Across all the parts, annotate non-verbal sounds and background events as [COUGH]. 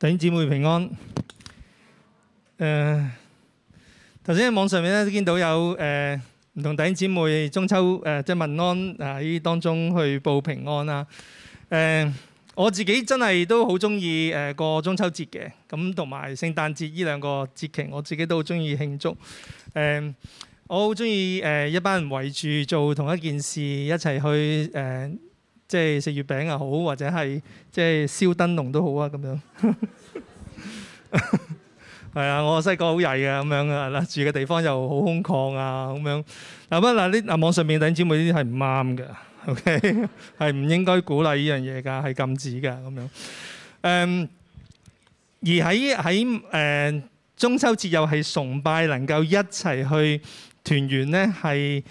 弟兄姊妹平安。誒、呃，頭先喺網上面咧都見到有誒唔同弟兄姊妹中秋誒、呃、即係問安啊！喺當中去報平安啦。誒、呃，我自己真係都好中意誒過中秋節嘅，咁同埋聖誕節呢兩個節期，我自己都好中意慶祝。誒、呃，我好中意誒一班人圍住做同一件事，一齊去誒。呃即係食月餅又好，或者係即係燒燈籠都好啊，咁樣。係 [LAUGHS] 啊，我細個好曳嘅咁樣啊，啦，住嘅地方又好空曠啊，咁樣。嗱不嗱啲啊網上面等姐妹呢啲係唔啱嘅，OK 係唔應該鼓勵呢樣嘢㗎，係禁止㗎咁樣。誒、嗯、而喺喺誒中秋節又係崇拜能夠一齊去團圓咧，係。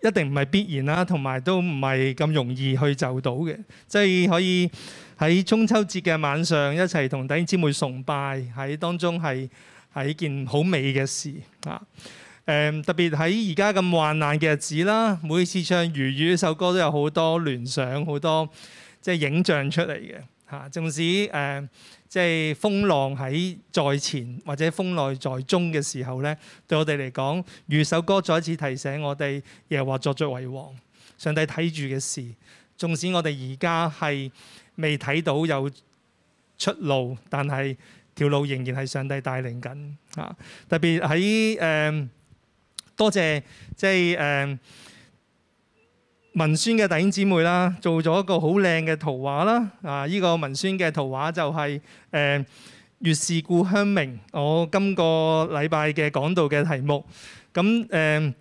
一定唔係必然啦，同埋都唔係咁容易去就到嘅，即係可以喺中秋節嘅晚上一齊同弟兄姊妹崇拜，喺當中係係一件好美嘅事嚇。誒、嗯、特別喺而家咁患難嘅日子啦，每次唱《如雨》呢首歌都有好多聯想，好多即係影像出嚟嘅嚇，縱使誒。嗯即係風浪喺在，在前或者風浪在中嘅時候呢，對我哋嚟講，如首歌再一次提醒我哋，耶和華作著為王，上帝睇住嘅事。縱使我哋而家係未睇到有出路，但係條路仍然係上帝帶領緊啊！特別喺誒，多謝即係誒。呃文宣嘅弟兄姊妹啦，做咗一個好靚嘅圖畫啦。啊，呢、這個文宣嘅圖畫就係、是《誒、呃，月是故鄉明。我今個禮拜嘅講道嘅題目。咁、嗯、誒。呃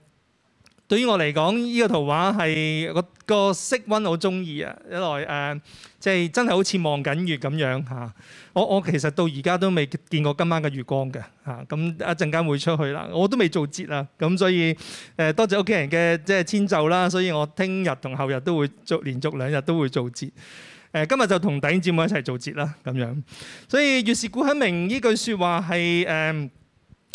對於我嚟講，呢、這個圖畫係個色温我中意啊，一來誒，即係真係好似望緊月咁樣嚇。我我其實到而家都未見過今晚嘅月光嘅嚇，咁、啊、一陣間會出去啦。我都未做節啊，咁所以誒、呃，多謝屋企人嘅即係遷就啦。所以我聽日同後日都會續連續兩日都會做節。誒、呃，今日就同弟兄姊妹一齊做節啦，咁樣。所以月是故鄉明呢句説話係誒。呃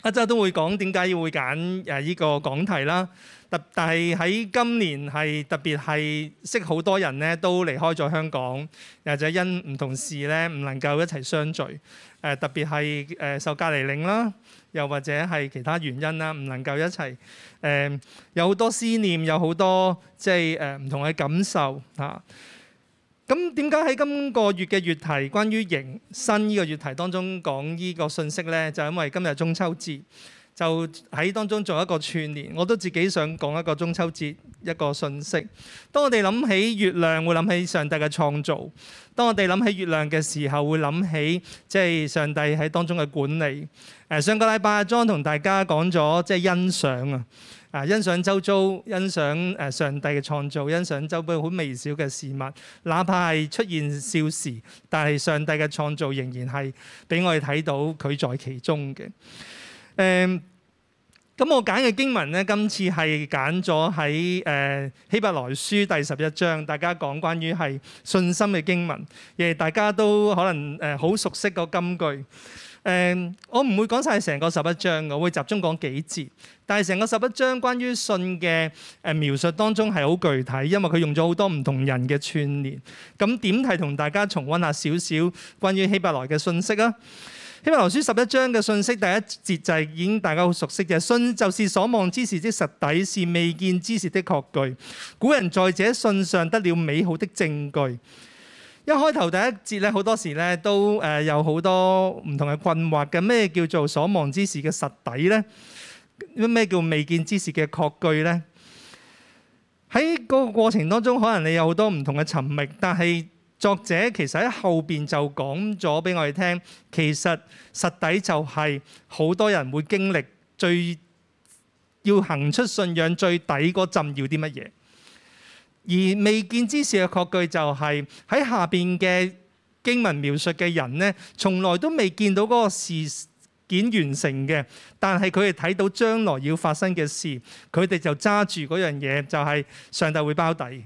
一周都會，會講點解要會揀誒依個講題啦，特但係喺今年係特別係識好多人咧都離開咗香港，或者因唔同事咧唔能夠一齊相聚誒，特別係誒受隔離令啦，又或者係其他原因啦，唔能夠一齊誒，有好多思念，有好多即係誒唔同嘅感受嚇。咁點解喺今個月嘅月題關於形、新呢個月題當中講呢個信息呢？就因為今日中秋節，就喺當中做一個串連。我都自己想講一個中秋節一個信息。當我哋諗起月亮，會諗起上帝嘅創造；當我哋諗起月亮嘅時候，會諗起即係上帝喺當中嘅管理。呃、上個禮拜阿 John 同大家講咗即係欣賞啊。啊！欣賞周遭，欣賞誒上帝嘅創造，欣賞周邊好微小嘅事物，哪怕係出現少時，但係上帝嘅創造仍然係俾我哋睇到佢在其中嘅。誒、嗯，咁我揀嘅經文呢，今次係揀咗喺誒希伯來書第十一章，大家講關於係信心嘅經文，亦大家都可能誒好熟悉個金句。誒、嗯，我唔會講晒成個十一章嘅，我會集中講幾節。但係成個十一章關於信嘅誒描述當中係好具體，因為佢用咗好多唔同人嘅串聯。咁點提同大家重溫下少少關於希伯來嘅信息啊？希伯來書十一章嘅信息第一節就係已經大家好熟悉嘅，信就是所望之事的實底，是未見之事的確據。古人在這信上得了美好的證據。一開頭第一節咧，好多時咧都誒有好多唔同嘅困惑嘅。咩叫做所望之事嘅實底呢？咩叫未見之事嘅確據呢？喺嗰個過程當中，可能你有好多唔同嘅尋覓。但係作者其實喺後邊就講咗俾我哋聽，其實實底就係好多人會經歷最要行出信仰最底嗰陣要，要啲乜嘢？而未見之事嘅確據就係喺下邊嘅經文描述嘅人咧，從來都未見到嗰個事件完成嘅，但係佢哋睇到將來要發生嘅事，佢哋就揸住嗰樣嘢，就係上帝會包底，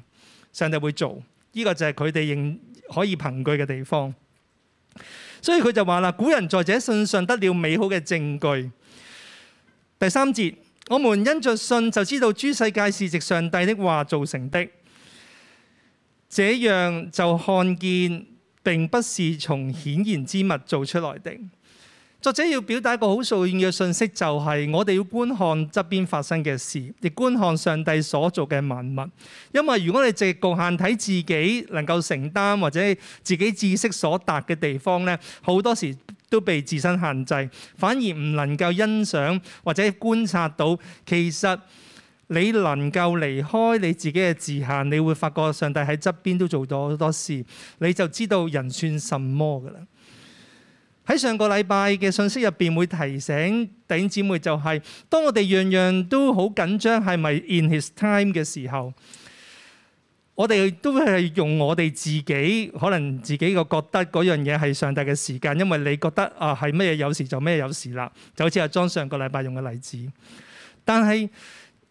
上帝會做。呢、呢個就係佢哋認可以憑據嘅地方。所以佢就話啦：古人在這信上得了美好嘅證據。第三節，我們因着信就知道諸世界是藉上帝的話造成的。這樣就看見並不是從顯然之物做出來的。作者要表達一個好重要嘅信息，就係我哋要觀看側邊發生嘅事，亦觀看上帝所做嘅萬物。因為如果你直只局限睇自己能夠承擔，或者自己知識所達嘅地方咧，好多時都被自身限制，反而唔能夠欣賞或者觀察到其實。你能夠離開你自己嘅自限，你會發覺上帝喺側邊都做咗好多事，你就知道人算什麼㗎喇。喺上個禮拜嘅信息入邊會提醒弟兄姊妹，就是，就係當我哋樣樣都好緊張，係咪 in his time 嘅時候，我哋都係用我哋自己可能自己嘅覺得嗰樣嘢係上帝嘅時間，因為你覺得啊係乜嘢有時就咩有時啦，就好似阿莊上個禮拜用嘅例子，但係。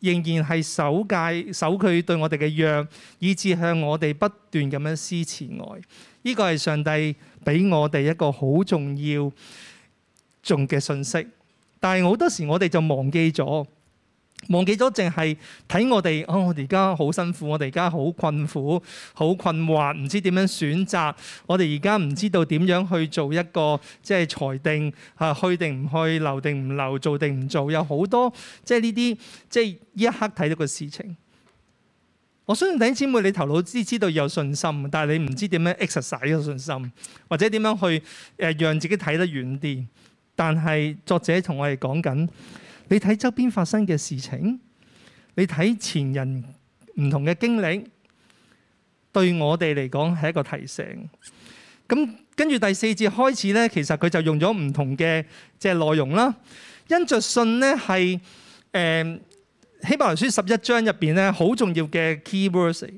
仍然係守戒守佢對我哋嘅約，以致向我哋不斷咁樣施慈愛。呢個係上帝俾我哋一個好重要重嘅信息，但係好多時我哋就忘記咗。忘記咗，淨係睇我哋。哦，我哋而家好辛苦，我哋而家好困苦，好困惑，唔知點樣選擇。我哋而家唔知道點樣去做一個即係裁定，嚇去定唔去，留定唔留，做定唔做，有好多即係呢啲即係呢一刻睇到嘅事情。我相信弟兄姊妹，你頭腦知知道有信心，但係你唔知點樣 exercise 呢個信心，或者點樣去誒讓自己睇得遠啲。但係作者同我哋講緊。你睇周邊發生嘅事情，你睇前人唔同嘅經歷，對我哋嚟講係一個提醒。咁跟住第四節開始咧，其實佢就用咗唔同嘅即係內容啦。因着信咧，係誒希伯來書十一章入邊咧好重要嘅 key words。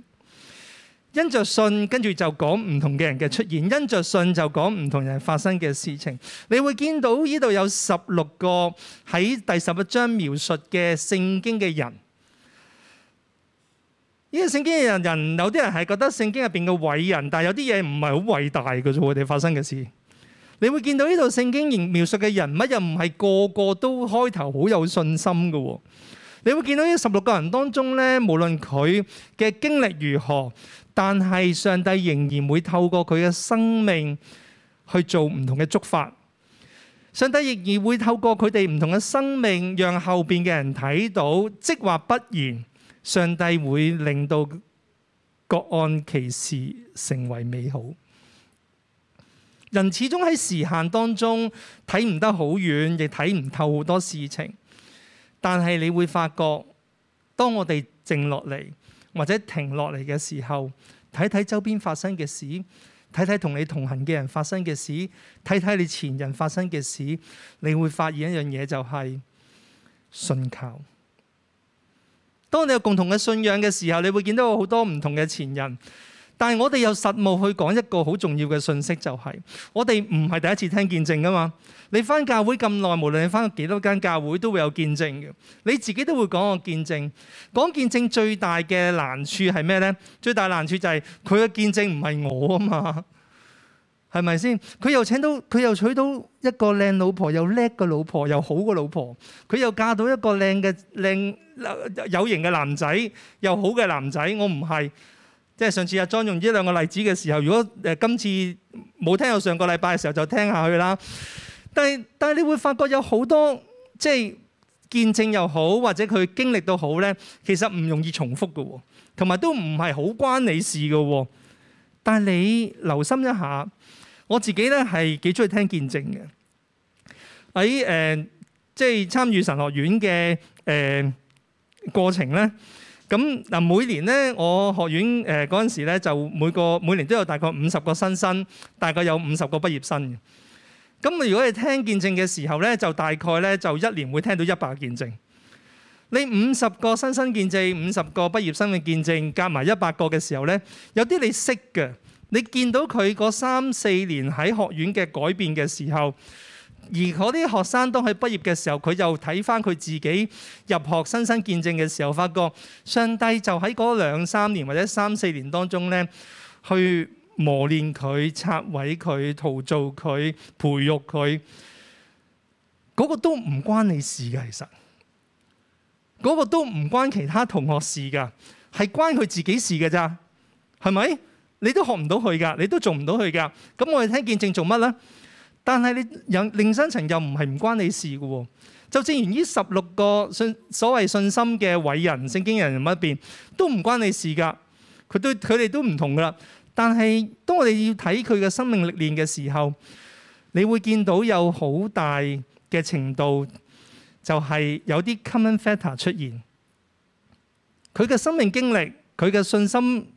因着信，跟住就講唔同嘅人嘅出現。因着信就講唔同人發生嘅事情。你會見到呢度有十六個喺第十一章描述嘅聖經嘅人。呢個聖經嘅人有啲人係覺得聖經入邊嘅偉人，但係有啲嘢唔係好偉大嘅啫喎。佢哋發生嘅事，你會見到呢度聖經描述嘅人，乜又唔係個個都開頭好有信心嘅喎。你會見到呢十六個人當中咧，無論佢嘅經歷如何。但係上帝仍然會透過佢嘅生命去做唔同嘅觸發，上帝仍然會透過佢哋唔同嘅生命，讓後邊嘅人睇到。即或不然，上帝會令到各按其時成為美好。人始終喺時限當中睇唔得好遠，亦睇唔透好多事情。但係你會發覺，當我哋靜落嚟，或者停落嚟嘅時候，睇睇周邊發生嘅事，睇睇同你同行嘅人發生嘅事，睇睇你前人發生嘅事，你會發現一樣嘢就係信靠。當你有共同嘅信仰嘅時候，你會見到好多唔同嘅前人。但係我哋有實務去講一個好重要嘅信息，就係我哋唔係第一次聽見證㗎嘛！你翻教會咁耐，無論你翻幾多間教會都會有見證嘅，你自己都會講個見證。講見證最大嘅難處係咩呢？最大難處就係佢嘅見證唔係我啊嘛，係咪先？佢又請到佢又娶到一個靚老婆，又叻嘅老婆，又好嘅老婆。佢又嫁到一個靚嘅靚有型嘅男仔，又好嘅男仔。我唔係。即係上次阿莊用呢兩個例子嘅時候，如果誒、呃、今次冇聽到上個禮拜嘅時候，就聽下去啦。但係但係，你會發覺有好多即係見證又好，或者佢經歷都好咧，其實唔容易重複嘅、哦，同埋都唔係好關你事嘅、哦。但係你留心一下，我自己咧係幾鍾意聽見證嘅喺誒，即係參與神學院嘅誒、呃、過程咧。咁嗱，每年咧，我學院誒嗰陣時咧，就每個每年都有大概五十個新生，大概有五十個畢業生嘅。咁啊，如果你聽見證嘅時候咧，就大概咧就一年會聽到一百個見證。你五十個新生見證，五十個畢業生嘅見證，夾埋一百個嘅時候咧，有啲你識嘅，你見到佢嗰三四年喺學院嘅改變嘅時候。而嗰啲學生當佢畢業嘅時候，佢又睇翻佢自己入學新生，身見證嘅時候，發覺上帝就喺嗰兩三年或者三四年當中咧，去磨練佢、拆毀佢、陶造佢、培育佢，嗰、嗰個都唔關你事嘅，其實嗰、嗰個都唔關其他同學事噶，係關佢自己事嘅咋？係咪？你都學唔到佢噶，你都做唔到佢噶。咁我哋聽見證做乜咧？但係你諗深一層又唔係唔關你事噶喎、哦，就正如呢十六個信所謂信心嘅偉人、聖經人物一邊都唔關你事噶，佢都佢哋都唔同噶啦。但係當我哋要睇佢嘅生命歷練嘅時候，你會見到有好大嘅程度，就係、是、有啲 common factor 出現。佢嘅生命經歷，佢嘅信心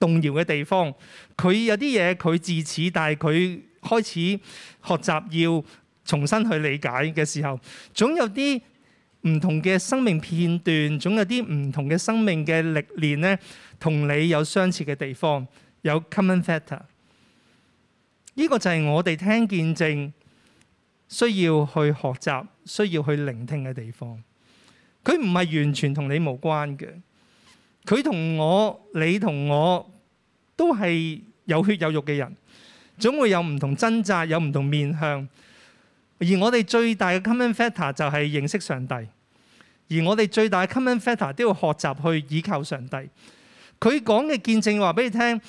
動搖嘅地方，佢有啲嘢佢自此，但係佢。開始學習要重新去理解嘅時候，總有啲唔同嘅生命片段，總有啲唔同嘅生命嘅歷練咧，同你有相似嘅地方，有 common factor。呢個就係我哋聽見證需要去學習、需要去聆聽嘅地方。佢唔係完全同你無關嘅，佢同我、你同我都係有血有肉嘅人。總會有唔同掙扎，有唔同面向。而我哋最大嘅 common factor 就係認識上帝。而我哋最大嘅 common factor 都要學習去倚靠上帝。佢講嘅見證話俾你聽，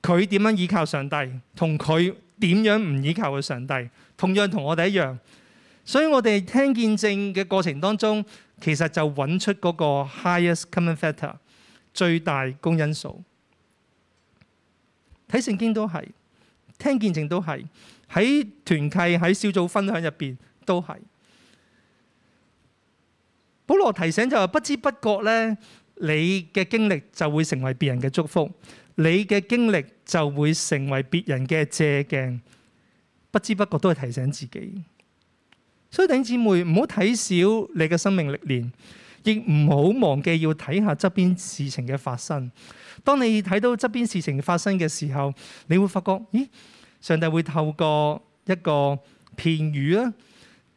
佢點樣倚靠，靠上帝，同佢點樣唔倚靠嘅上帝，同樣同我哋一樣。所以我哋聽見證嘅過程當中，其實就揾出嗰個 highest common factor，最大公因數。睇聖經都係。聽見證都係喺團契，喺小組分享入邊都係。保羅提醒就話，不知不覺咧，你嘅經歷就會成為別人嘅祝福，你嘅經歷就會成為別人嘅借鏡。不知不覺都係提醒自己，所以弟兄姊妹唔好睇小你嘅生命歷練，亦唔好忘記要睇下側邊事情嘅發生。當你睇到側邊事情發生嘅時候，你會發覺，咦？上帝會透過一個片語啦，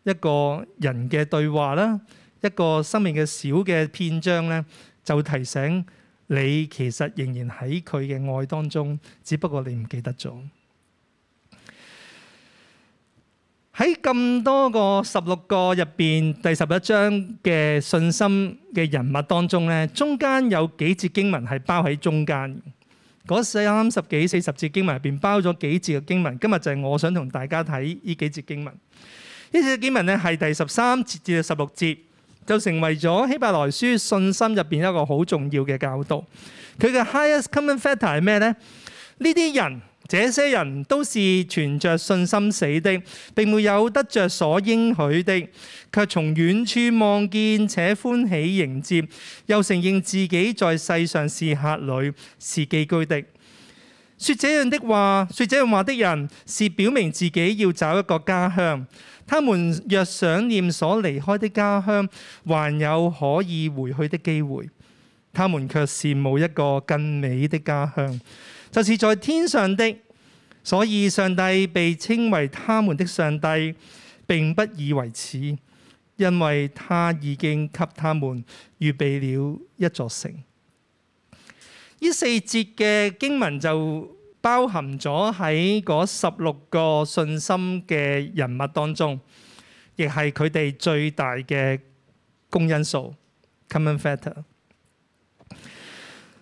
一個人嘅對話啦，一個生命嘅小嘅篇章咧，就提醒你其實仍然喺佢嘅愛當中，只不過你唔記得咗。喺咁多個十六個入邊第十一章嘅信心嘅人物當中咧，中間有幾節經文係包喺中間。嗰四三十幾四十節經文入邊包咗幾節嘅經文，今日就係我想同大家睇呢幾節經文。呢節經文咧係第十三節至到十六節，就成為咗希伯來書信心入邊一個好重要嘅教導。佢嘅 highest common factor 係咩咧？呢啲人。這些人都是存着信心死的，並沒有得著所應許的，卻從遠處望見且歡喜迎接，又承認自己在世上是客旅，是寄居的。說這樣的話，說這樣的話的人是表明自己要找一個家鄉。他們若想念所離開的家鄉，還有可以回去的機會。他們卻羨慕一個更美的家鄉。就是在天上的，所以上帝被稱為他們的上帝，並不以為恥，因為他已經給他們預備了一座城。呢四節嘅經文就包含咗喺嗰十六個信心嘅人物當中，亦係佢哋最大嘅公因素。Common factor，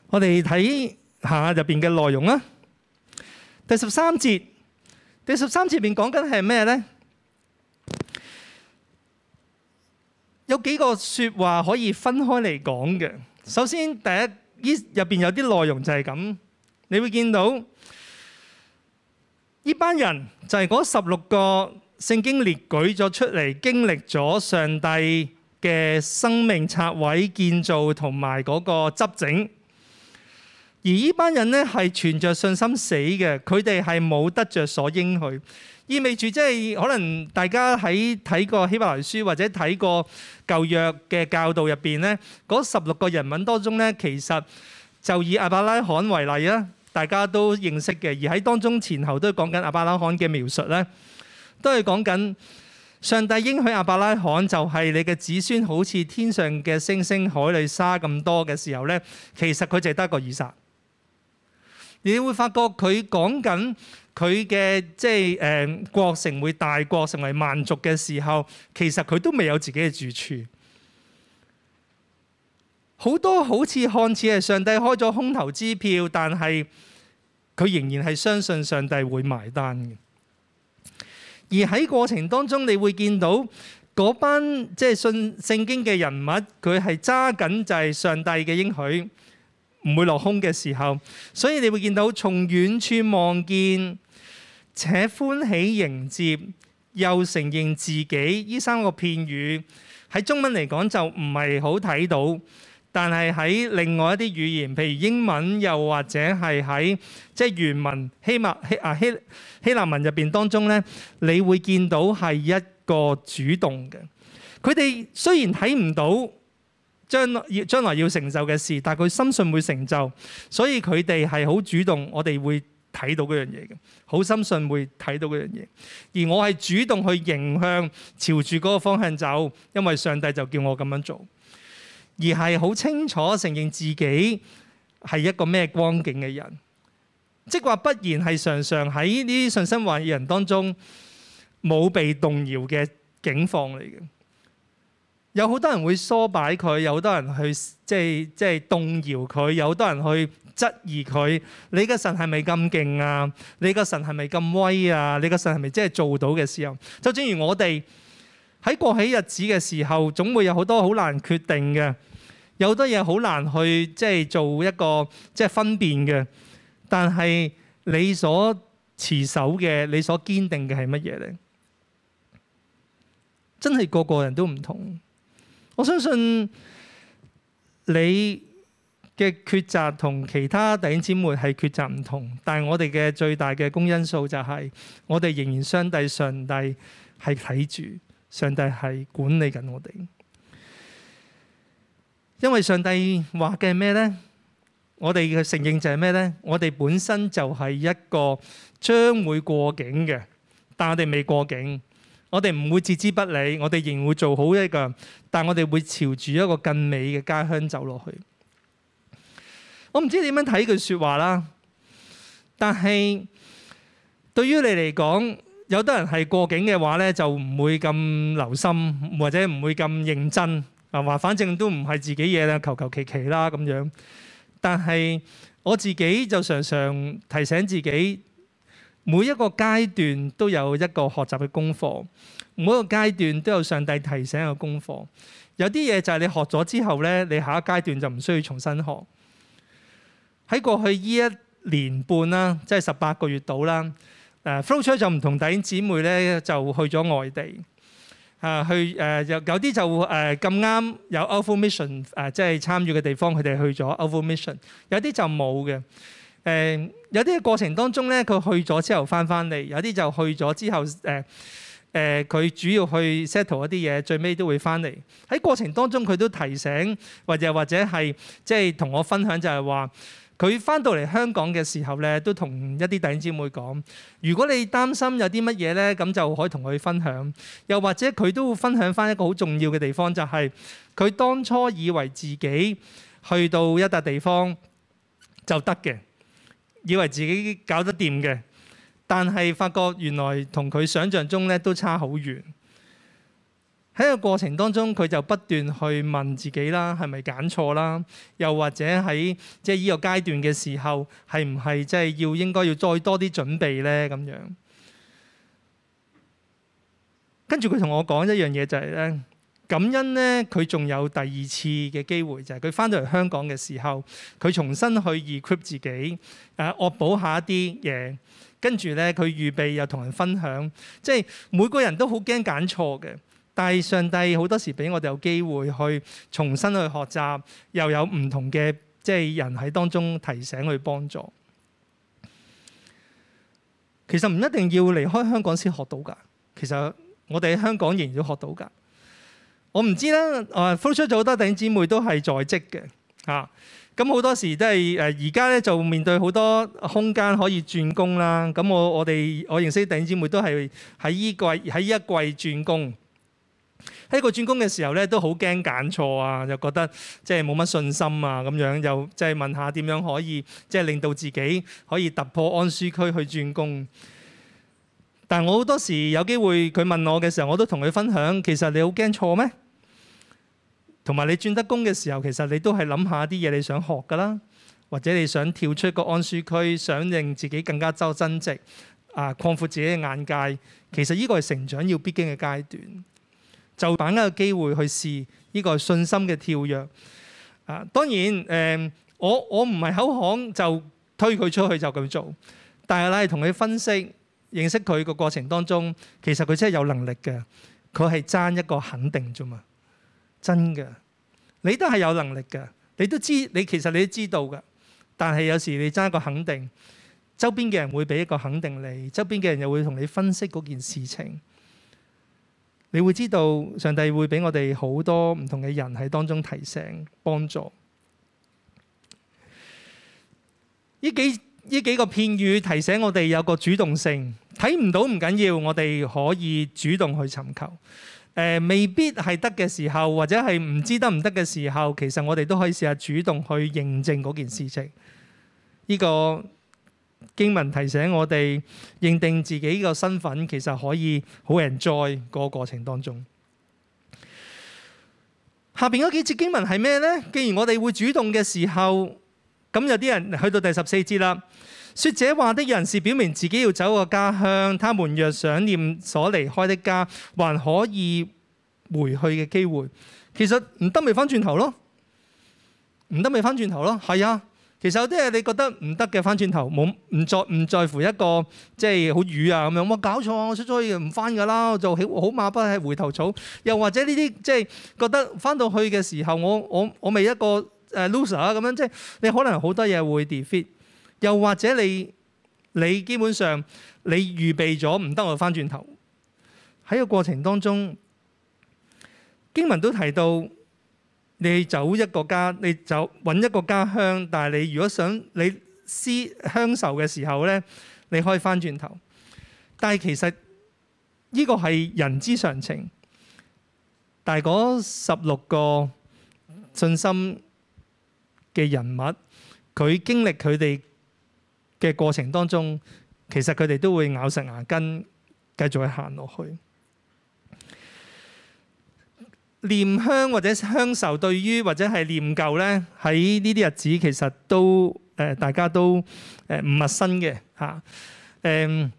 我哋睇下入邊嘅內容啦。第十三節，第十三節入邊講緊係咩呢？有幾個説話可以分開嚟講嘅。首先，第一，呢入邊有啲內容就係咁，你會見到呢班人就係嗰十六個聖經列舉咗出嚟，經歷咗上帝嘅生命拆毀、建造同埋嗰個執整。而呢班人咧，係存着信心死嘅，佢哋係冇得着所應許，意味住即係可能大家喺睇過希伯來書或者睇過舊約嘅教導入邊咧，嗰十六個人文當中咧，其實就以亞伯拉罕為例啦，大家都認識嘅。而喺當中前後都講緊亞伯拉罕嘅描述咧，都係講緊上帝應許亞伯拉罕就係你嘅子孫，好似天上嘅星星、海裏沙咁多嘅時候咧，其實佢就係得一個以撒。你會發覺佢講緊佢嘅即係誒、呃、國成會大國成為萬族嘅時候，其實佢都未有自己嘅住處。好多好似看似係上帝開咗空頭支票，但係佢仍然係相信上帝會埋單嘅。而喺過程當中，你會見到嗰班即係信聖經嘅人物，佢係揸緊就係上帝嘅應許唔會落空嘅時候，所以你會見到從遠處望見，且歡喜迎接，又承認自己，呢三個片語喺中文嚟講就唔係好睇到，但係喺另外一啲語言，譬如英文，又或者係喺即係原文希麥希啊希希臘文入邊當中呢，你會見到係一個主動嘅。佢哋雖然睇唔到。將要將來要成就嘅事，但係佢深信會成就，所以佢哋係好主動我。我哋會睇到嗰樣嘢嘅，好深信會睇到嗰樣嘢。而我係主動去迎向，朝住嗰個方向走，因為上帝就叫我咁樣做。而係好清楚承認自己係一個咩光景嘅人，即係話不然係常常喺呢啲信心懷疑人當中冇被動搖嘅境況嚟嘅。有好多人會梳擺佢，有好多人去即係即係動搖佢，有好多人去質疑佢。你個神係咪咁勁啊？你個神係咪咁威啊？你個神係咪真係做到嘅時候？就正如我哋喺過起日子嘅時候，總會有好多好難決定嘅，有好多嘢好難去即係做一個即係分辨嘅。但係你所持守嘅，你所堅定嘅係乜嘢咧？真係個個人都唔同。我相信你嘅抉擇同其他弟兄姊妹係抉擇唔同，但係我哋嘅最大嘅公因素就係，我哋仍然相信上帝係睇住，上帝係管理緊我哋。因為上帝話嘅係咩咧？我哋嘅承認就係咩咧？我哋本身就係一個將會過境嘅，但我哋未過境。我哋唔會置之不理，我哋仍會做好一個，但係我哋會朝住一個更美嘅家鄉走落去。我唔知點樣睇呢句說話啦，但係對於你嚟講，有啲人係過境嘅話咧，就唔會咁留心，或者唔會咁認真啊，話反正都唔係自己嘢啦，求求其其啦咁樣。但係我自己就常常提醒自己。每一個階段都有一個學習嘅功課，每一個階段都有上帝提醒嘅功課。有啲嘢就係你學咗之後咧，你下一階段就唔需要重新學。喺過去依一年半啦，即係十八個月度啦。誒 flow church 就唔同弟兄姊妹咧，就去咗外地啊，去誒、呃、有、呃、有啲就誒咁啱有 Over Mission 誒、呃，即係參與嘅地方，佢哋去咗 Over Mission 有有。有啲就冇嘅誒。有啲過程當中咧，佢去咗之後翻返嚟；有啲就去咗之後，誒、呃、誒，佢、呃、主要去 settle 一啲嘢，最尾都會翻嚟。喺過程當中，佢都提醒，或者或者係即係同我分享就，就係話佢翻到嚟香港嘅時候咧，都同一啲弟兄姊妹講：如果你擔心有啲乜嘢咧，咁就可以同佢分享。又或者佢都會分享翻一個好重要嘅地方，就係、是、佢當初以為自己去到一笪地方就得嘅。以為自己搞得掂嘅，但係發覺原來同佢想像中咧都差好遠。喺個過程當中，佢就不斷去問自己啦，係咪揀錯啦？又或者喺即係呢個階段嘅時候，係唔係即係要應該要再多啲準備咧？咁樣跟住佢同我講一樣嘢就係、是、咧。感恩呢，佢仲有第二次嘅機會，就係佢翻到嚟香港嘅時候，佢重新去 equip 自己，誒惡補下一啲嘢，跟住咧佢預備又同人分享。即係每個人都好驚揀錯嘅，但係上帝好多時俾我哋有機會去重新去學習，又有唔同嘅即係人喺當中提醒去幫助。其實唔一定要離開香港先學到㗎，其實我哋喺香港仍然都學到㗎。我唔知啦。啊，復出咗好多弟兄姊妹都係在職嘅嚇。咁、啊、好多時都係誒，而家咧就面對好多空間可以轉工啦。咁我我哋我認識弟兄姊妹都係喺依季喺一季轉工。喺個轉工嘅時候咧，都好驚揀錯啊，又覺得即係冇乜信心啊咁樣，又即係問下點樣可以即係令到自己可以突破安舒區去轉工。但係我好多時有機會佢問我嘅時候，我都同佢分享，其實你好驚錯咩？同埋你轉得工嘅時候，其實你都係諗下啲嘢，你想學㗎啦，或者你想跳出個安舒區，想令自己更加周增值，啊、呃，擴闊自己嘅眼界。其實呢個係成長要必經嘅階段，就把握個機會去試呢個信心嘅跳躍。啊、呃，當然誒、呃，我我唔係口講就推佢出去就咁做，但係咧同佢分析、認識佢個過程當中，其實佢真係有能力嘅，佢係爭一個肯定啫嘛。真嘅，你都係有能力嘅，你都知，你其實你都知道嘅。但係有時你爭一個肯定，周邊嘅人會俾一個肯定你，周邊嘅人又會同你分析嗰件事情，你會知道上帝會俾我哋好多唔同嘅人喺當中提醒幫助。呢幾呢幾個片語提醒我哋有個主動性，睇唔到唔緊要，我哋可以主動去尋求。誒、呃、未必係得嘅時候，或者係唔知得唔得嘅時候，其實我哋都可以試下主動去認證嗰件事情。呢、呢個經文提醒我哋認定自己個身份，其實可以好 enjoy 個過程當中。下邊嗰幾節經文係咩呢？既然我哋會主動嘅時候，咁有啲人去到第十四節啦。說這話的人士表明自己要走個家鄉，他們若想念所離開的家，還可以回去嘅機會。其實唔得咪翻轉頭咯，唔得咪翻轉頭咯。係啊，其實有啲嘢你覺得唔得嘅翻轉頭，冇唔再唔在乎一個即係好瘀啊咁樣。我搞錯啊，我出咗去唔翻㗎啦，我就好馬不吃回頭草。又或者呢啲即係覺得翻到去嘅時候我，我我我未一個誒 loser 啊咁樣。即係你可能好多嘢會 defeat。又或者你，你基本上你預備咗唔得，我返轉頭喺個過程當中，經文都提到你走一個家，你走揾一個家鄉，但係你如果想你思鄉愁嘅時候咧，你可以返轉頭。但係其實呢個係人之常情，但係嗰十六個信心嘅人物，佢經歷佢哋嘅過程當中，其實佢哋都會咬實牙根，繼續去行落去。念鄉或者鄉愁對於或者係念舊咧，喺呢啲日子其實都誒、呃，大家都誒唔陌生嘅嚇誒。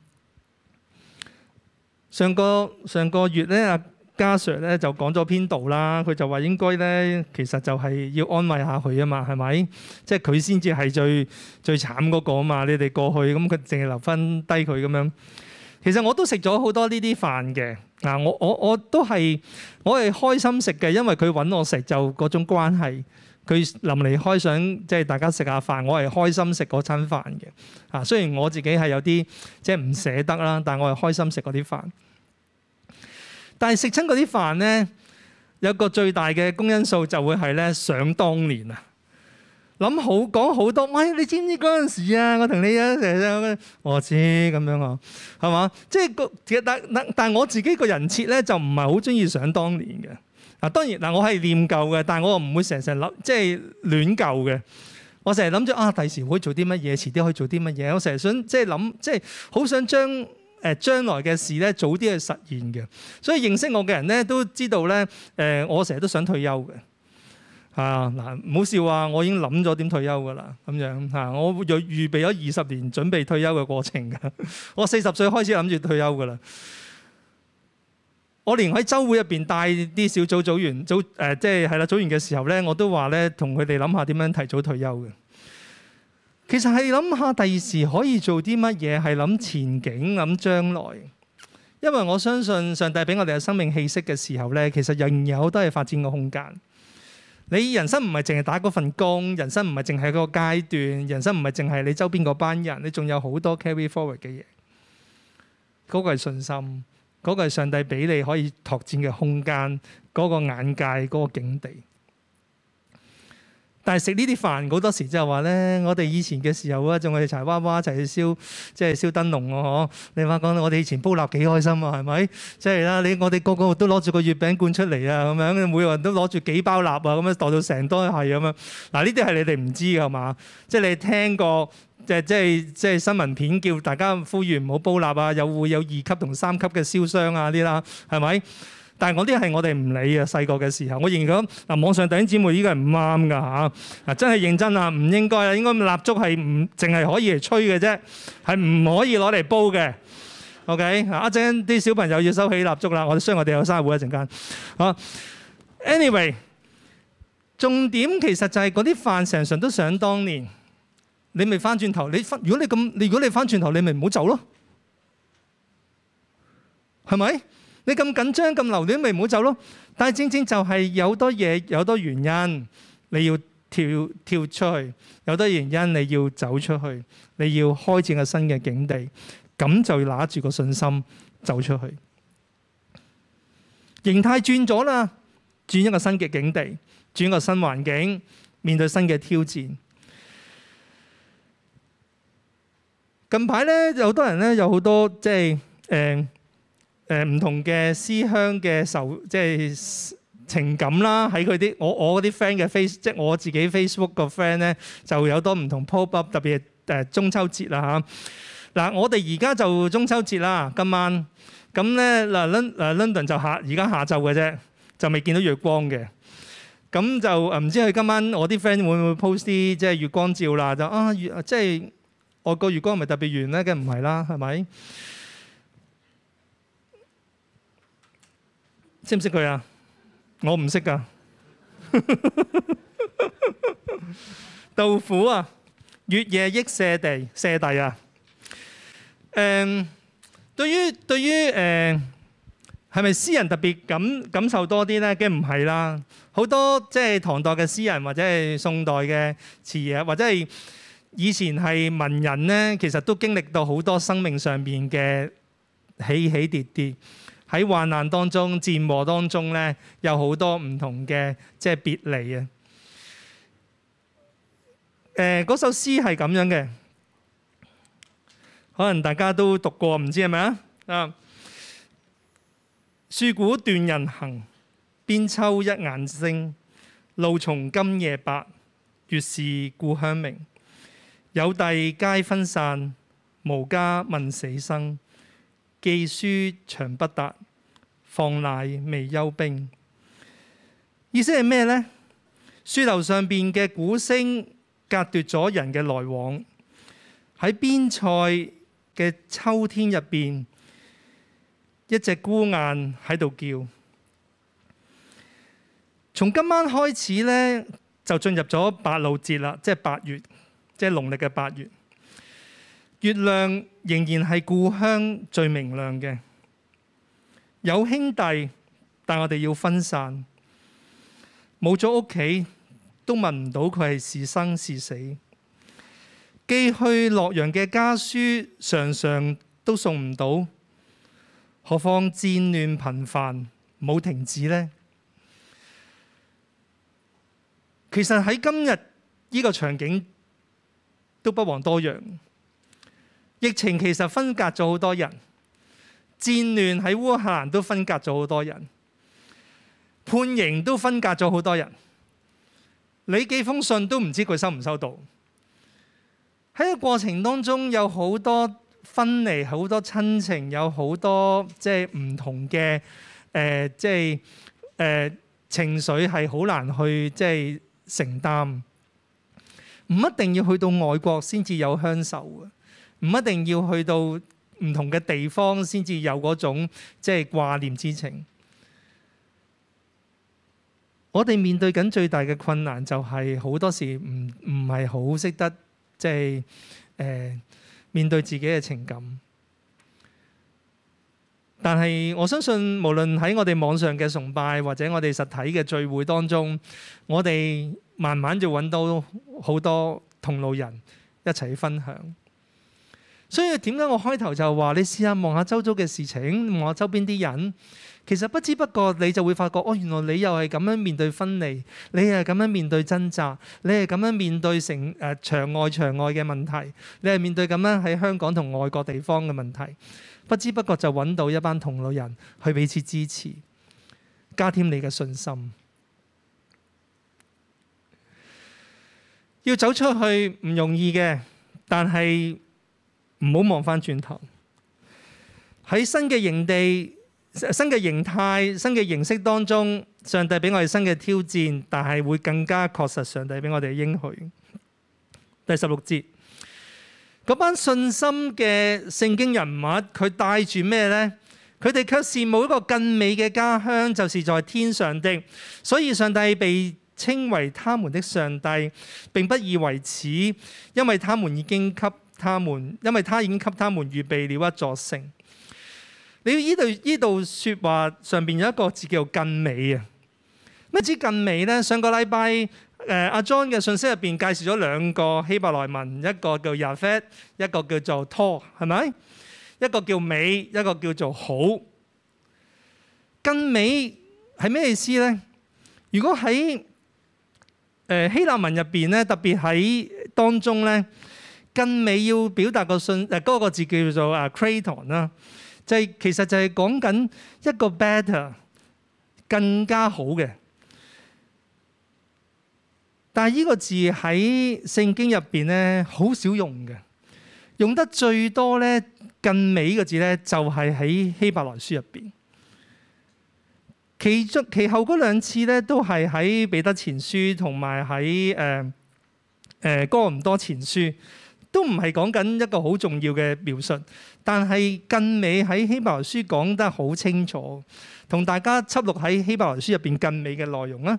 上個上個月咧啊。家 sir 咧就講咗編導啦，佢就話應該咧其實就係要安慰下佢啊嘛，係咪？即係佢先至係最最慘嗰個啊嘛，你哋過去咁佢淨係留返低佢咁樣。其實我都食咗好多呢啲飯嘅嗱，我我我都係我係開心食嘅，因為佢揾我食就嗰種關係。佢臨離開想即係大家食下飯，我係開心食嗰餐飯嘅啊。雖然我自己係有啲即係唔捨得啦，但係我係開心食嗰啲飯。但係食親嗰啲飯咧，有個最大嘅公因素就會係咧想當年啊，諗好講好多。喂、哎，你知唔知嗰陣時啊？我同你啊，成日我知咁樣喎，係嘛？即係個但但但我自己個人設咧就唔係好中意想當年嘅。嗱當然嗱我係念舊嘅，但係我又唔會成日諗，即係戀舊嘅。我成日諗住啊，第時可以做啲乜嘢，遲啲可以做啲乜嘢。我成日想即係諗，即係好想,想將。誒將來嘅事咧，早啲去實現嘅，所以認識我嘅人咧都知道咧，誒、呃、我成日都想退休嘅，係、啊、嗱，唔好笑啊，我已經諗咗點退休噶啦，咁樣嚇、啊，我預預備咗二十年準備退休嘅過程㗎， [LAUGHS] 我四十歲開始諗住退休噶啦，我連喺週會入邊帶啲小組組員組誒，即係係啦組員嘅時候咧，我都話咧同佢哋諗下點樣提早退休嘅。其實係諗下第二時可以做啲乜嘢，係諗前景，諗將來。因為我相信上帝俾我哋嘅生命氣息嘅時候咧，其實仍然有好多嘅發展嘅空間。你人生唔係淨係打嗰份工，人生唔係淨係個階段，人生唔係淨係你周邊個班人，你仲有好多 carry forward 嘅嘢。嗰個係信心，嗰個係上帝俾你可以拓展嘅空間，嗰個眼界，嗰個境地。但係食呢啲飯好多時就係話咧，我哋以前嘅時候啊，仲係柴娃娃一齊去燒，即係燒燈籠喎，嗬？你話講到我哋以前煲蠟幾開心啊，係咪？即係啦，你我哋個個都攞住個月餅罐出嚟啊，咁樣，每個人都攞住幾包蠟啊，咁樣袋到成堆係咁樣。嗱，呢啲係你哋唔知㗎嘛？即係、即係、你聽過誒，即係即係新聞片叫大家呼籲唔好煲蠟啊，又會有二級同三級嘅燒傷啊啲啦，係咪？但係我啲係我哋唔理嘅，細個嘅時候，我認咗嗱網上弟兄姊妹依個係唔啱㗎嚇，嗱真係認真啊，唔應該啊，應該蠟燭係唔淨係可以嚟吹嘅啫，係唔可以攞嚟煲嘅。OK，啊一陣啲小朋友要收起蠟燭啦，我雖然我哋有生日會一陣間。啊，anyway，重點其實就係嗰啲飯常常都想當年，你咪翻轉頭，你如果你咁，你如果你翻轉頭，你咪唔好走咯，係咪？你咁緊張、咁留戀，咪唔好走咯。但係正正就係有多嘢、有多原因，你要跳跳出去；有多原因，你要走出去，你要開展個新嘅境地。咁就要拿住個信心走出去。形態轉咗啦，轉一個新嘅境地，轉個新環境，面對新嘅挑戰。近排咧，有好多人咧，有好多即係誒。誒唔、呃、同嘅思鄉嘅愁，即係情感啦，喺佢啲我我嗰啲 friend 嘅 face，即係我自己 Facebook 個 friend 咧，就有多唔同 pop up，特別係誒中秋節啦吓，嗱、啊，我哋而家就中秋節啦，今晚咁咧嗱 London 就下，下而家下晝嘅啫，就未見到月光嘅。咁就唔、啊、知佢今晚我啲 friend 會唔會 post 啲即係月光照啦？就啊月即係我個月光唔係特別圓咧，梗唔係啦，係咪？知唔識佢啊？我唔識啊。杜甫啊，月夜憶舍弟。舍弟啊。誒、嗯，對於對於誒，係咪詩人特別感感受多啲咧？梗唔係啦，好多即係唐代嘅詩人或者係宋代嘅詞人，或者係以前係文人咧，其實都經歷到好多生命上邊嘅起起跌跌。喺患難當中、戰禍當中咧，有好多唔同嘅即係別離啊！誒、呃，嗰首詩係咁樣嘅，可能大家都讀過，唔知係咪啊？啊，戍鼓斷人行，邊秋一雁聲，露從今夜白，月是故鄉明。有弟皆分散，無家問死生。寄書長不達。放奶未休兵，意思係咩呢？書樓上邊嘅鼓聲隔斷咗人嘅來往，喺邊塞嘅秋天入邊，一隻孤雁喺度叫。從今晚開始呢，就進入咗白露節啦，即係八月，即係農曆嘅八月。月亮仍然係故鄉最明亮嘅。有兄弟，但我哋要分散；冇咗屋企，都問唔到佢係是，是生是死。寄去洛陽嘅家書，常常都送唔到，何況戰亂頻繁，冇停止呢？其實喺今日呢個場景，都不遑多讓。疫情其實分隔咗好多人。戰亂喺烏克蘭都分隔咗好多人，判刑都分隔咗好多人，你幾封信都唔知佢收唔收到。喺個過程當中有好多分離，好多親情，有好多即係唔同嘅誒，即係誒情緒係好難去即係、就是、承擔。唔一定要去到外國先至有享受嘅，唔一定要去到。唔同嘅地方先至有嗰種即係、就是、掛念之情。我哋面對緊最大嘅困難就係好多時唔唔係好識得即係誒面對自己嘅情感。但係我相信無論喺我哋網上嘅崇拜或者我哋實體嘅聚會當中，我哋慢慢就揾到好多同路人一齊分享。所以點解我開頭就話你試下望下周遭嘅事情，望下周邊啲人，其實不知不覺你就會發覺，哦，原來你又係咁樣面對分離，你係咁樣面對掙扎，你係咁樣面對成誒場外場外嘅問題，你係面對咁樣喺香港同外國地方嘅問題，不知不覺就揾到一班同路人去彼此支持，加添你嘅信心。要走出去唔容易嘅，但係。唔好望翻轉頭。喺新嘅營地、新嘅形態、新嘅形式當中，上帝俾我哋新嘅挑戰，但係會更加確實上帝俾我哋嘅應許。第十六節，嗰班信心嘅聖經人物，佢帶住咩呢？佢哋卻羨慕一個更美嘅家鄉，就是在天上的。所以上帝被稱為他們的上帝並不以為恥，因為他們已經給他們，因為他已經給他們預備了一座城。你要依度依度説話，上邊有一個字叫做更美啊！咩叫更美呢？上個禮拜誒阿 John 嘅信息入邊介紹咗兩個希伯來文，一個叫 Yafe，一個叫做 To，係咪？一個叫美，一個叫做好。更美係咩意思呢？如果喺、呃、希臘文入邊咧，特別喺當中咧。更美要表達個信誒，嗰，呃那個字叫做啊 Craton 啦，就是，就係其實就係講緊一個 better 更加好嘅。但係呢個字喺聖經入邊咧，好少用嘅，用得最多咧，更美個字咧就係、是、喺希伯來書入邊，其中其後嗰兩次咧都係喺彼得前書同埋喺誒誒哥林多前書。都唔係講緊一個好重要嘅描述，但係更美喺希伯來書講得好清楚，同大家輯錄喺希伯來書入邊更美嘅內容啦。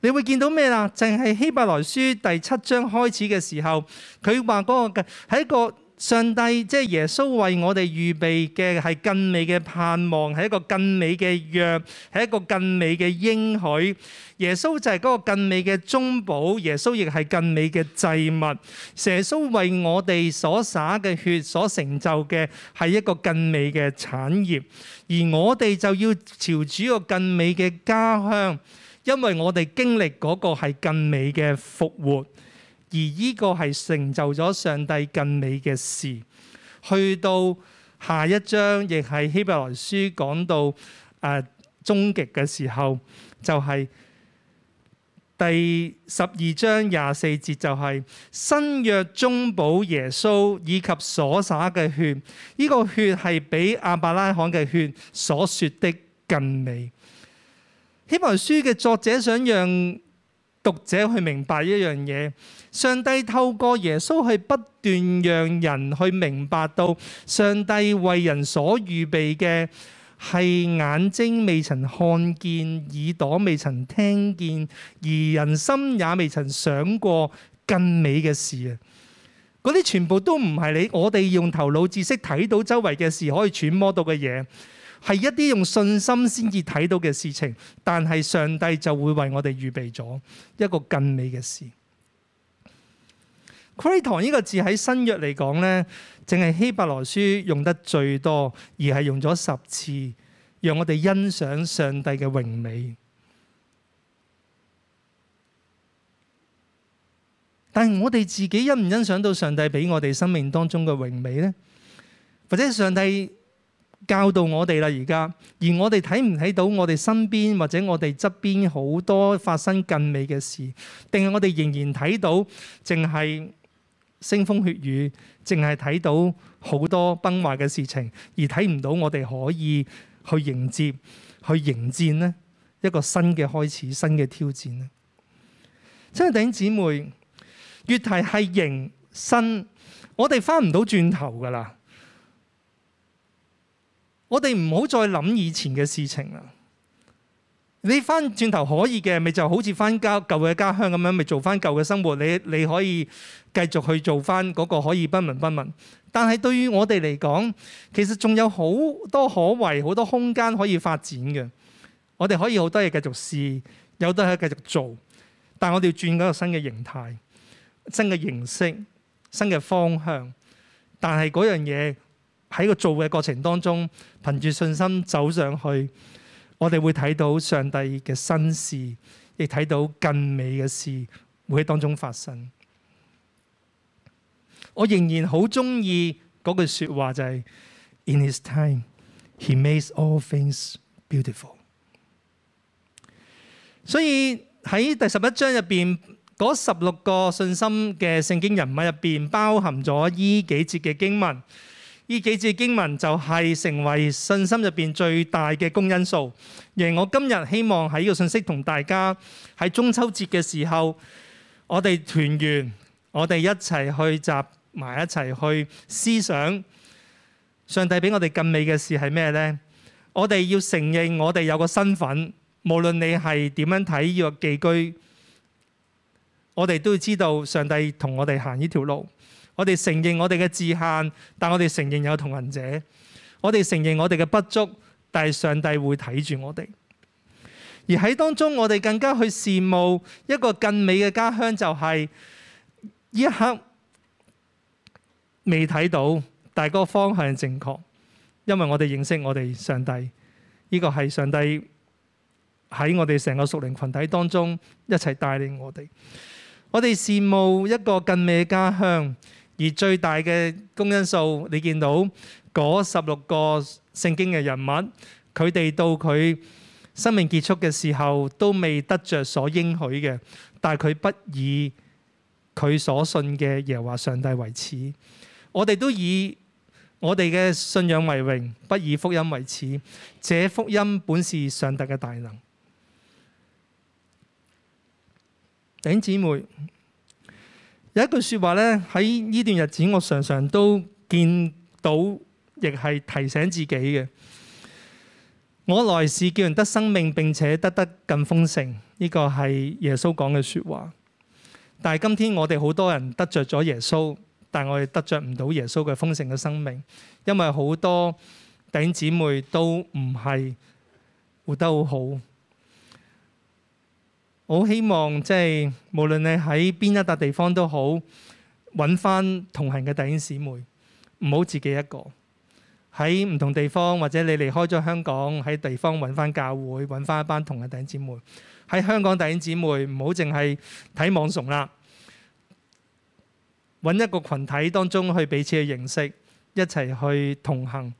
你會見到咩啦？淨係希伯來書第七章開始嘅時候，佢話嗰個係一個。上帝即係、就是、耶穌為我哋預備嘅係更美嘅盼望，係一個更美嘅約，係一個更美嘅應許。耶穌就係嗰個更美嘅中保，耶穌亦係更美嘅祭物。耶穌為我哋所灑嘅血所成就嘅係一個更美嘅產業，而我哋就要朝住個更美嘅家鄉，因為我哋經歷嗰個係更美嘅復活。而呢個係成就咗上帝更美嘅事，去到下一章亦係希伯來書講到誒終極嘅時候，就係、是、第十二章廿四節就係、是、新約中保耶穌以及所灑嘅血，呢、這個血係比亞伯拉罕嘅血所說的更美。希伯來書嘅作者想讓讀者去明白一樣嘢，上帝透過耶穌去不斷讓人去明白到，上帝為人所預備嘅係眼睛未曾看見，耳朵未曾聽見，而人心也未曾想過更美嘅事啊！嗰啲全部都唔係你我哋用頭腦知識睇到周圍嘅事可以揣摩到嘅嘢。係一啲用信心先至睇到嘅事情，但係上帝就會為我哋預備咗一個更美嘅事。kreitton 呢個字喺新約嚟講呢，淨係希伯來書用得最多，而係用咗十次，讓我哋欣賞上帝嘅榮美。但係我哋自己欣唔欣賞到上帝俾我哋生命當中嘅榮美呢？或者上帝？教導我哋啦，而家而我哋睇唔睇到我哋身邊或者我哋側邊好多發生更美嘅事，定係我哋仍然睇到淨係腥風血雨，淨係睇到好多崩壞嘅事情，而睇唔到我哋可以去迎接、去迎戰呢一個新嘅開始、新嘅挑戰呢？真係頂姊妹，月題係形新，我哋翻唔到轉頭噶啦。我哋唔好再諗以前嘅事情啦。你翻轉頭可以嘅，咪就好似翻家舊嘅家鄉咁樣，咪做翻舊嘅生活。你你可以繼續去做翻嗰個可以不聞不問。但係對於我哋嚟講，其實仲有好多可為、好多空間可以發展嘅。我哋可以好多嘢繼續試，有得喺繼續做，但我哋要轉嗰個新嘅形態、新嘅形式、新嘅方向。但係嗰樣嘢。喺個做嘅過程當中，憑住信心走上去，我哋會睇到上帝嘅新事，亦睇到更美嘅事會喺當中發生。我仍然好中意嗰句說話就係、是、In His time, He makes all things beautiful。所以喺第十一章入邊嗰十六個信心嘅聖經人物入邊，包含咗依幾節嘅經文。呢幾字經文就係成為信心入邊最大嘅公因數，而我今日希望喺呢個信息同大家喺中秋節嘅時候我團圓，我哋團圓，我哋一齊去集埋一齊去思想上帝俾我哋更美嘅事係咩呢？我哋要承認我哋有個身份，無論你係點樣睇呢個寄居，我哋都要知道上帝同我哋行呢條路。我哋承認我哋嘅局限，但我哋承認有同行者；我哋承認我哋嘅不足，但係上帝會睇住我哋。而喺當中，我哋更加去羨慕一個更美嘅家鄉，就係、是、一刻未睇到，但係個方向正確，因為我哋認識我哋上帝。呢、這個係上帝喺我哋成個屬靈群體當中一齊帶領我哋。我哋羨慕一個更美嘅家鄉。而最大嘅公因數，你見到嗰十六個聖經嘅人物，佢哋到佢生命結束嘅時候都未得着所應許嘅，但係佢不以佢所信嘅耶和華上帝為恥。我哋都以我哋嘅信仰為榮，不以福音為恥。這福音本是上帝嘅大能。頂姊妹。有一句說話咧，喺呢段日子我常常都見到，亦係提醒自己嘅。我來是叫人得生命，並且得得更豐盛。呢個係耶穌講嘅說話。但係今天我哋好多人得着咗耶穌，但我哋得着唔到耶穌嘅豐盛嘅生命，因為好多弟兄姊妹都唔係活得好好。我希望即係無論你喺邊一笪地方都好，揾翻同行嘅弟兄姊妹，唔好自己一個喺唔同地方，或者你離開咗香港喺地方揾翻教會，揾翻一班同行嘅弟兄姊妹。喺香港弟兄姊妹唔好淨係睇網崇啦，揾一個群體當中去彼此嘅認識，一齊去同行。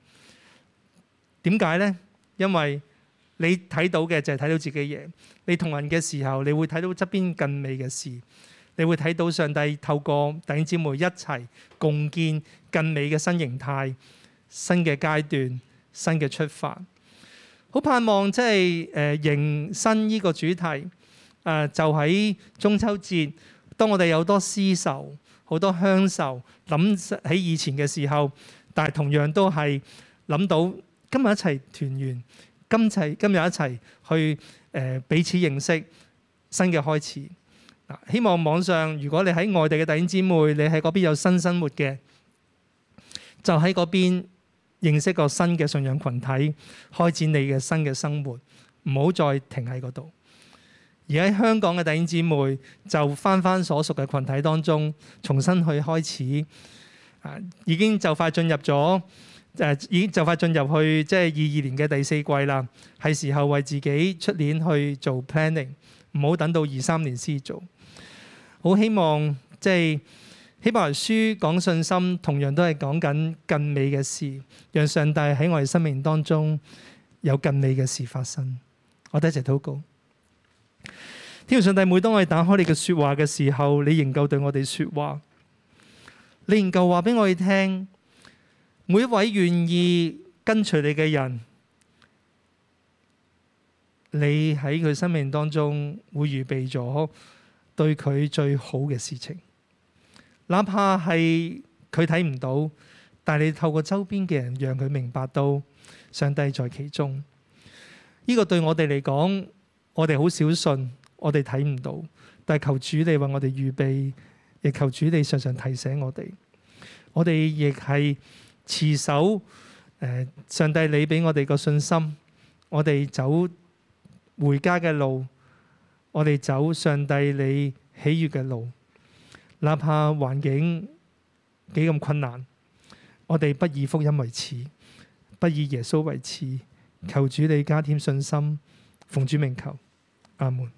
點解呢？因為你睇到嘅就係睇到自己嘢。你同人嘅時候，你會睇到側邊更美嘅事，你會睇到上帝透過弟兄姊妹一齊共建更美嘅新形態、新嘅階段、新嘅出發。好盼望即係、就是呃、迎新呢個主題。呃、就喺中秋節，當我哋有多思愁、好多鄉愁，諗起以前嘅時候，但係同樣都係諗到今日一齊團圓。今次今日一齊去誒，彼此認識新嘅開始。希望網上如果你喺外地嘅弟兄姊妹，你喺嗰邊有新生活嘅，就喺嗰邊認識個新嘅信仰群體，開展你嘅新嘅生活，唔好再停喺嗰度。而喺香港嘅弟兄姊妹，就返返所屬嘅群體當中，重新去開始。啊，已經就快進入咗。誒，已經就快進入去即係二二年嘅第四季啦，係時候為自己出年去做 planning，唔好等到二三年先做。好希望即係希伯來書講信心，同樣都係講緊更美嘅事，讓上帝喺我哋生命當中有更美嘅事發生。我哋一齊禱告，天父上帝，每當我哋打開你嘅說話嘅時候，你仍舊對我哋說話，你仍舊話俾我哋聽。每一位願意跟隨你嘅人，你喺佢生命當中會預備咗對佢最好嘅事情，哪怕係佢睇唔到，但係你透過周邊嘅人，讓佢明白到上帝在其中。呢、這個對我哋嚟講，我哋好小信，我哋睇唔到，但係求主你為我哋預備，亦求主你常常提醒我哋，我哋亦係。持守誒，上帝你俾我哋個信心，我哋走回家嘅路，我哋走上帝你喜悅嘅路，哪怕環境幾咁困難，我哋不以福音為恥，不以耶穌為恥，求主你加添信心，奉主名求，阿門。